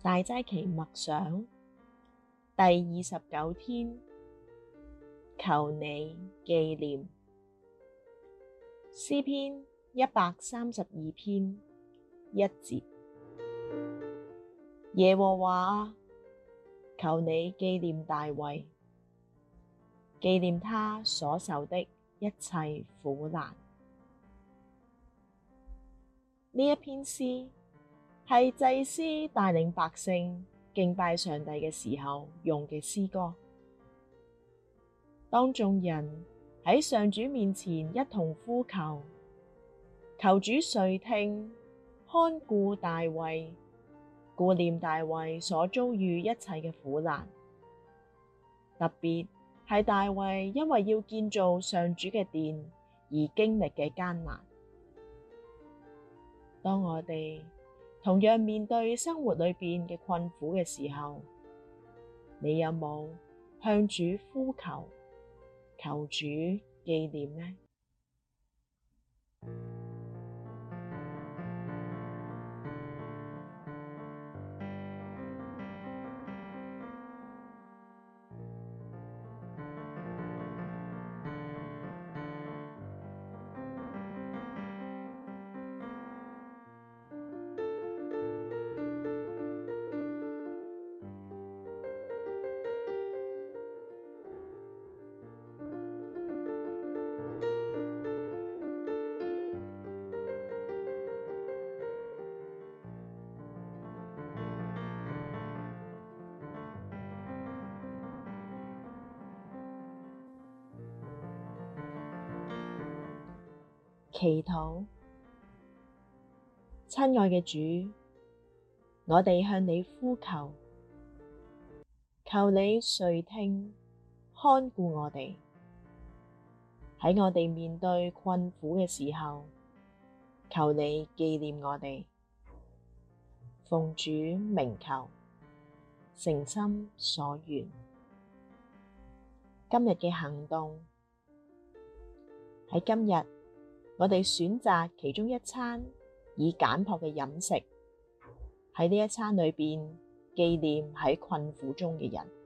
大齋期默想第二十九天，求你紀念。詩篇一百三十二篇一節。耶和華啊，求你紀念大衛，紀念他所受的一切苦難。呢一篇詩。係祭司帶領百姓敬拜上帝嘅時候用嘅詩歌。當眾人喺上主面前一同呼求，求主垂聽、看顧大衛、顧念大衛所遭遇一切嘅苦難，特別係大衛因為要建造上主嘅殿而經歷嘅艱難。當我哋。同樣面對生活裏邊嘅困苦嘅時候，你有冇向主呼求、求主記念呢？祈禱，親愛嘅主，我哋向你呼求，求你垂聽，看顧我哋。喺我哋面對困苦嘅時候，求你紀念我哋。奉主名求，誠心所願。今日嘅行動喺今日。我哋選擇其中一餐以簡樸嘅飲食，喺呢一餐裏面紀念喺困苦中嘅人。